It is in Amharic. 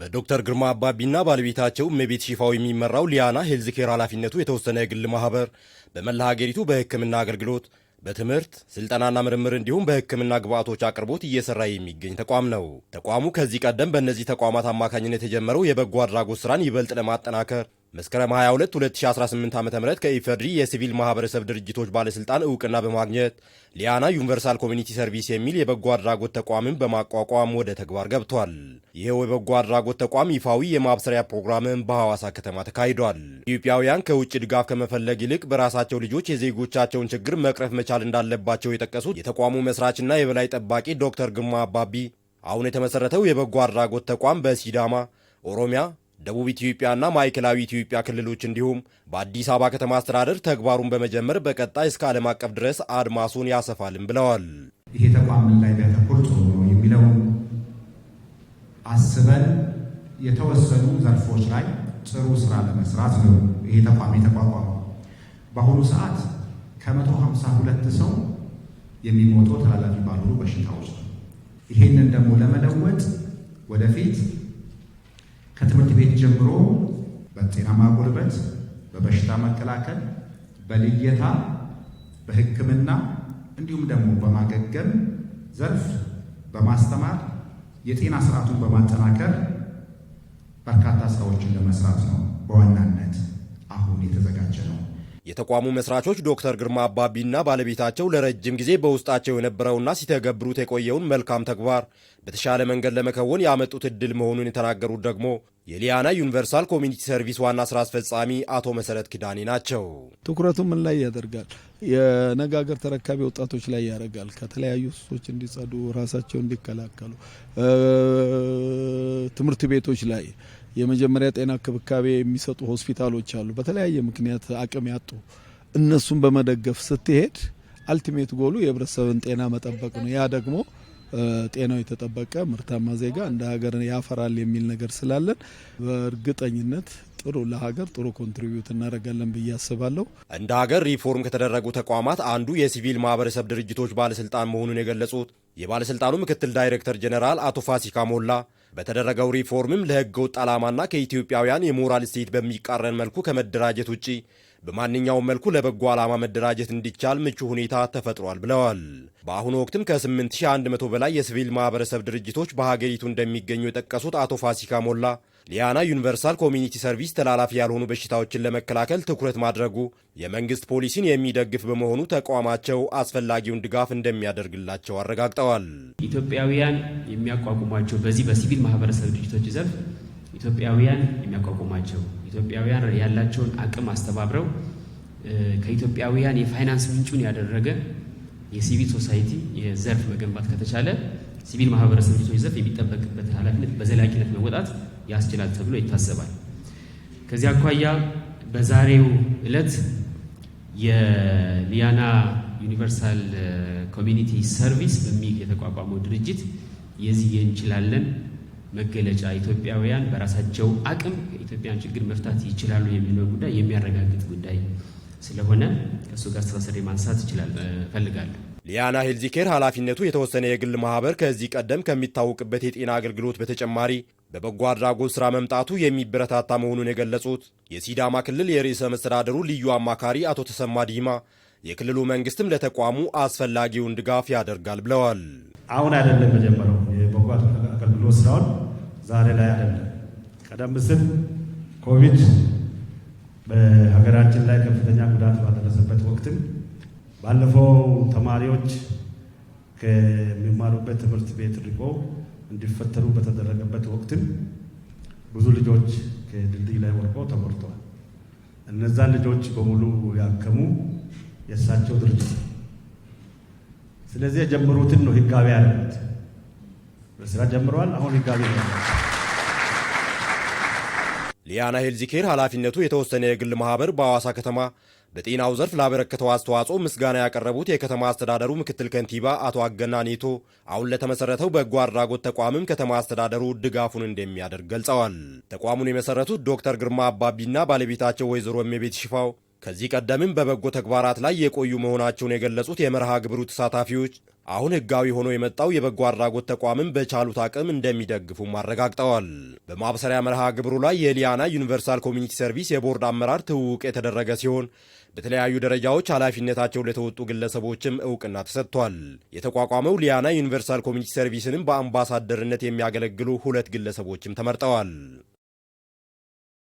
በዶክተር ግርማ አባቢና ባለቤታቸው እመቤት ሽፋው የሚመራው ሊያና ሄልዝ ኬር ኃላፊነቱ የተወሰነ የግል ማህበር በመላ ሀገሪቱ በሕክምና አገልግሎት በትምህርት ስልጠናና ምርምር እንዲሁም በሕክምና ግብዓቶች አቅርቦት እየሰራ የሚገኝ ተቋም ነው። ተቋሙ ከዚህ ቀደም በእነዚህ ተቋማት አማካኝነት የተጀመረው የበጎ አድራጎት ስራን ይበልጥ ለማጠናከር መስከረም 22 2018 ዓ ም ከኢፌድሪ የሲቪል ማህበረሰብ ድርጅቶች ባለሥልጣን እውቅና በማግኘት ሊያና ዩኒቨርሳል ኮሚኒቲ ሰርቪስ የሚል የበጎ አድራጎት ተቋምን በማቋቋም ወደ ተግባር ገብቷል። ይኸው የበጎ አድራጎት ተቋም ይፋዊ የማብሰሪያ ፕሮግራምን በሐዋሳ ከተማ ተካሂዷል። ኢትዮጵያውያን ከውጭ ድጋፍ ከመፈለግ ይልቅ በራሳቸው ልጆች የዜጎቻቸውን ችግር መቅረፍ መቻል እንዳለባቸው የጠቀሱት የተቋሙ መስራችና የበላይ ጠባቂ ዶክተር ግርማ አባቢ አሁን የተመሠረተው የበጎ አድራጎት ተቋም በሲዳማ ኦሮሚያ ደቡብ ኢትዮጵያና ማዕከላዊ ኢትዮጵያ ክልሎች እንዲሁም በአዲስ አበባ ከተማ አስተዳደር ተግባሩን በመጀመር በቀጣይ እስከ ዓለም አቀፍ ድረስ አድማሱን ያሰፋልን ብለዋል። ይሄ ተቋም ምን ላይ ቢያተኩር ጥሩ ነው የሚለው አስበን የተወሰኑ ዘርፎች ላይ ጥሩ ስራ ለመስራት ነው ይሄ ተቋም የተቋቋመው። በአሁኑ ሰዓት ከመቶ ሃምሳ ሁለት ሰው የሚሞተው ተላላፊ ባልሆኑ በሽታዎች ነው። ይሄንን ደግሞ ለመለወጥ ወደፊት ከትምህርት ቤት ጀምሮ በጤና ማጎልበት፣ በበሽታ መከላከል፣ በልየታ፣ በሕክምና እንዲሁም ደግሞ በማገገም ዘርፍ በማስተማር የጤና ስርዓቱን በማጠናከር በርካታ ስራዎችን ለመስራት ነው በዋናነት አሁን የተዘጋጀ ነው። የተቋሙ መስራቾች ዶክተር ግርማ አባቢና ባለቤታቸው ለረጅም ጊዜ በውስጣቸው የነበረውና ሲተገብሩት የቆየውን መልካም ተግባር በተሻለ መንገድ ለመከወን ያመጡት እድል መሆኑን የተናገሩት ደግሞ የሊያና ዩኒቨርሳል ኮሚኒቲ ሰርቪስ ዋና ስራ አስፈጻሚ አቶ መሰረት ኪዳኔ ናቸው። ትኩረቱ ምን ላይ ያደርጋል? የነጋገር ተረካቢ ወጣቶች ላይ ያደርጋል። ከተለያዩ ሱሶች እንዲጸዱ፣ ራሳቸው እንዲከላከሉ ትምህርት ቤቶች ላይ የመጀመሪያ ጤና ክብካቤ የሚሰጡ ሆስፒታሎች አሉ፣ በተለያየ ምክንያት አቅም ያጡ። እነሱን በመደገፍ ስትሄድ አልቲሜት ጎሉ የህብረተሰብን ጤና መጠበቅ ነው። ያ ደግሞ ጤናው የተጠበቀ ምርታማ ዜጋ እንደ ሀገር ያፈራል የሚል ነገር ስላለን በእርግጠኝነት ጥሩ ለሀገር ጥሩ ኮንትሪቢዩት እናደርጋለን ብዬ አስባለሁ። እንደ ሀገር ሪፎርም ከተደረጉ ተቋማት አንዱ የሲቪል ማህበረሰብ ድርጅቶች ባለስልጣን መሆኑን የገለጹት የባለስልጣኑ ምክትል ዳይሬክተር ጀኔራል አቶ ፋሲካ ሞላ በተደረገው ሪፎርምም ለህገ ወጥ ዓላማና ከኢትዮጵያውያን የሞራል እሴት በሚቃረን መልኩ ከመደራጀት ውጪ በማንኛውም መልኩ ለበጎ ዓላማ መደራጀት እንዲቻል ምቹ ሁኔታ ተፈጥሯል ብለዋል። በአሁኑ ወቅትም ከ8100 በላይ የሲቪል ማህበረሰብ ድርጅቶች በሀገሪቱ እንደሚገኙ የጠቀሱት አቶ ፋሲካ ሞላ ሊያና ዩኒቨርሳል ኮሚኒቲ ሰርቪስ ተላላፊ ያልሆኑ በሽታዎችን ለመከላከል ትኩረት ማድረጉ የመንግስት ፖሊሲን የሚደግፍ በመሆኑ ተቋማቸው አስፈላጊውን ድጋፍ እንደሚያደርግላቸው አረጋግጠዋል። ኢትዮጵያውያን የሚያቋቁሟቸው በዚህ በሲቪል ማህበረሰብ ድርጅቶች ዘርፍ ኢትዮጵያውያን የሚያቋቁማቸው ኢትዮጵያውያን ያላቸውን አቅም አስተባብረው ከኢትዮጵያውያን የፋይናንስ ምንጩን ያደረገ የሲቪል ሶሳይቲ የዘርፍ መገንባት ከተቻለ ሲቪል ማህበረሰብ ድርጅቶች ዘርፍ የሚጠበቅበት ኃላፊነት በዘላቂነት መወጣት ያስችላል ተብሎ ይታሰባል። ከዚህ አኳያ በዛሬው ዕለት የሊያና ዩኒቨርሳል ኮሚኒቲ ሰርቪስ በሚል የተቋቋመው ድርጅት የዚህ የእንችላለን መገለጫ ኢትዮጵያውያን በራሳቸው አቅም የኢትዮጵያን ችግር መፍታት ይችላሉ የሚለው ጉዳይ የሚያረጋግጥ ጉዳይ ስለሆነ ከእሱ ጋር አስተሳሰር ማንሳት ይችላል እፈልጋለሁ። ሊያና ሄልዚኬር ኃላፊነቱ የተወሰነ የግል ማህበር ከዚህ ቀደም ከሚታወቅበት የጤና አገልግሎት በተጨማሪ በበጎ አድራጎት ስራ መምጣቱ የሚበረታታ መሆኑን የገለጹት የሲዳማ ክልል የርዕሰ መስተዳደሩ ልዩ አማካሪ አቶ ተሰማ ዲማ የክልሉ መንግስትም ለተቋሙ አስፈላጊውን ድጋፍ ያደርጋል ብለዋል። አሁን አይደለም አድራጎት ብሎ ስራውን ዛሬ ላይ አይደለም። ቀደም ሲል ኮቪድ በሀገራችን ላይ ከፍተኛ ጉዳት ባደረሰበት ወቅትም ባለፈው ተማሪዎች ከሚማሩበት ትምህርት ቤት ርቆ እንዲፈተኑ በተደረገበት ወቅትም ብዙ ልጆች ከድልድይ ላይ ወርቆ ተጎድተዋል። እነዛን ልጆች በሙሉ ያከሙ የእሳቸው ድርጅት ስለዚህ የጀመሩትን ነው ህጋዊ ያደረጉት። ስራ ጀምረዋል። አሁን ይጋቢ ሊያና ሄልዚኬር ኃላፊነቱ የተወሰነ የግል ማህበር በሐዋሳ ከተማ በጤናው ዘርፍ ላበረከተው አስተዋጽኦ ምስጋና ያቀረቡት የከተማ አስተዳደሩ ምክትል ከንቲባ አቶ አገና ኔቶ አሁን ለተመሰረተው በጎ አድራጎት ተቋምም ከተማ አስተዳደሩ ድጋፉን እንደሚያደርግ ገልጸዋል። ተቋሙን የመሰረቱት ዶክተር ግርማ አባቢና ባለቤታቸው ወይዘሮ እመቤት ሽፋው ከዚህ ቀደምም በበጎ ተግባራት ላይ የቆዩ መሆናቸውን የገለጹት የመርሃ ግብሩ ተሳታፊዎች አሁን ህጋዊ ሆኖ የመጣው የበጎ አድራጎት ተቋምን በቻሉት አቅም እንደሚደግፉም አረጋግጠዋል። በማብሰሪያ መርሃ ግብሩ ላይ የሊያና ዩኒቨርሳል ኮሚኒቲ ሰርቪስ የቦርድ አመራር ትውውቅ የተደረገ ሲሆን በተለያዩ ደረጃዎች ኃላፊነታቸው ለተወጡ ግለሰቦችም እውቅና ተሰጥቷል። የተቋቋመው ሊያና ዩኒቨርሳል ኮሚኒቲ ሰርቪስንም በአምባሳደርነት የሚያገለግሉ ሁለት ግለሰቦችም ተመርጠዋል።